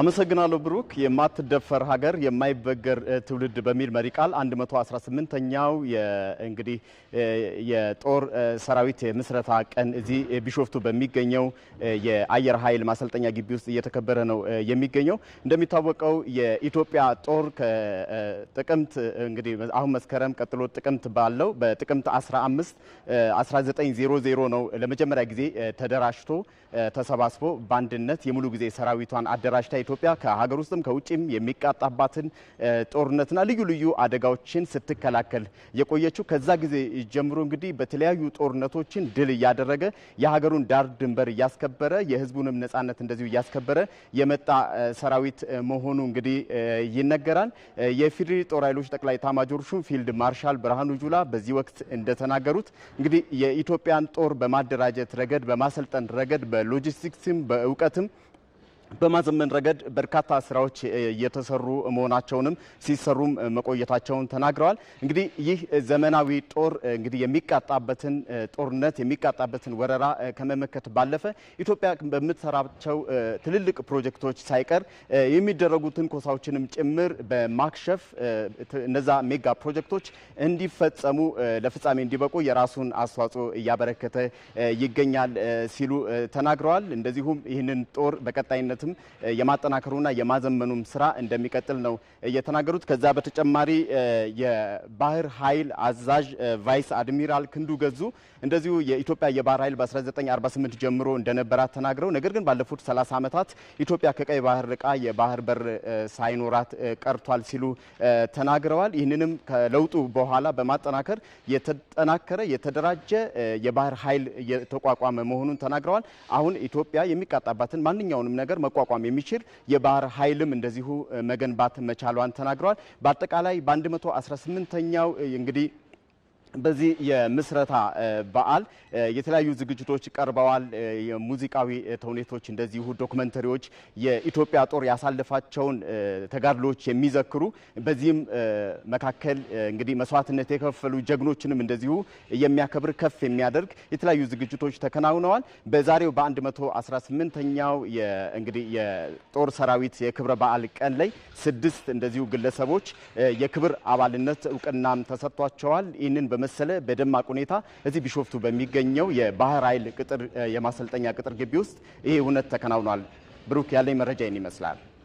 አመሰግናለሁ ብሩክ። የማትደፈር ሀገር የማይበገር ትውልድ በሚል መሪ ቃል 118ኛው እንግዲህ የጦር ሰራዊት የምስረታ ቀን እዚህ ቢሾፍቱ በሚገኘው የአየር ኃይል ማሰልጠኛ ግቢ ውስጥ እየተከበረ ነው የሚገኘው። እንደሚታወቀው የኢትዮጵያ ጦር ከጥቅምት እንግዲህ አሁን መስከረም ቀጥሎ ጥቅምት ባለው በጥቅምት 15 1900 ነው ለመጀመሪያ ጊዜ ተደራጅቶ ተሰባስቦ በአንድነት የሙሉ ጊዜ ሰራዊቷን አደራጅታ ኢትዮጵያ ከሀገር ውስጥም ከውጭም የሚቃጣባትን ጦርነትና ልዩ ልዩ አደጋዎችን ስትከላከል የቆየችው ከዛ ጊዜ ጀምሮ እንግዲህ በተለያዩ ጦርነቶችን ድል እያደረገ የሀገሩን ዳር ድንበር እያስከበረ የህዝቡንም ነጻነት እንደዚሁ እያስከበረ የመጣ ሰራዊት መሆኑ እንግዲህ ይነገራል። የኢፌዴሪ ጦር ኃይሎች ጠቅላይ ኤታማዦር ሹም ፊልድ ማርሻል ብርሃኑ ጁላ በዚህ ወቅት እንደተናገሩት እንግዲህ የኢትዮጵያን ጦር በማደራጀት ረገድ፣ በማሰልጠን ረገድ፣ በሎጂስቲክስም በእውቀትም በማዘመን ረገድ በርካታ ስራዎች እየተሰሩ መሆናቸውንም ሲሰሩም መቆየታቸውን ተናግረዋል። እንግዲህ ይህ ዘመናዊ ጦር እንግዲህ የሚቃጣበትን ጦርነት የሚቃጣበትን ወረራ ከመመከት ባለፈ ኢትዮጵያ በምትሰራቸው ትልልቅ ፕሮጀክቶች ሳይቀር የሚደረጉትን ኮሳዎችንም ጭምር በማክሸፍ እነዛ ሜጋ ፕሮጀክቶች እንዲፈጸሙ ለፍጻሜ እንዲበቁ የራሱን አስተዋጽኦ እያበረከተ ይገኛል ሲሉ ተናግረዋል። እንደዚሁም ይህንን ጦር በቀጣይነት በቀጣይነትም የማጠናከሩና የማዘመኑም ስራ እንደሚቀጥል ነው የተናገሩት። ከዛ በተጨማሪ የባህር ኃይል አዛዥ ቫይስ አድሚራል ክንዱ ገዙ እንደዚሁ የኢትዮጵያ የባህር ኃይል በ1948 ጀምሮ እንደነበራት ተናግረው ነገር ግን ባለፉት 30 ዓመታት ኢትዮጵያ ከቀይ ባህር ርቃ የባህር በር ሳይኖራት ቀርቷል ሲሉ ተናግረዋል። ይህንንም ከለውጡ በኋላ በማጠናከር የተጠናከረ የተደራጀ የባህር ኃይል የተቋቋመ መሆኑን ተናግረዋል። አሁን ኢትዮጵያ የሚቃጣባትን ማንኛውንም ነገር መቋቋም የሚችል የባህር ኃይልም እንደዚሁ መገንባት መቻሏን ተናግረዋል። በአጠቃላይ በ118ኛው እንግዲህ በዚህ የምስረታ በዓል የተለያዩ ዝግጅቶች ቀርበዋል። የሙዚቃዊ ተውኔቶች፣ እንደዚሁ ዶክመንተሪዎች የኢትዮጵያ ጦር ያሳለፋቸውን ተጋድሎች የሚዘክሩ በዚህም መካከል እንግዲህ መስዋዕትነት የከፈሉ ጀግኖችንም እንደዚሁ የሚያከብር ከፍ የሚያደርግ የተለያዩ ዝግጅቶች ተከናውነዋል። በዛሬው በ118ኛው እንግዲህ የጦር ሰራዊት የክብረ በዓል ቀን ላይ ስድስት እንደዚሁ ግለሰቦች የክብር አባልነት እውቅናም ተሰጥቷቸዋል። ይህንን መሰለ በደማቅ ሁኔታ እዚህ ቢሾፍቱ በሚገኘው የባህር ኃይል ቅጥር የማሰልጠኛ ቅጥር ግቢ ውስጥ ይህ እውነት ተከናውኗል። ብሩክ፣ ያለኝ መረጃ ይህን ይመስላል።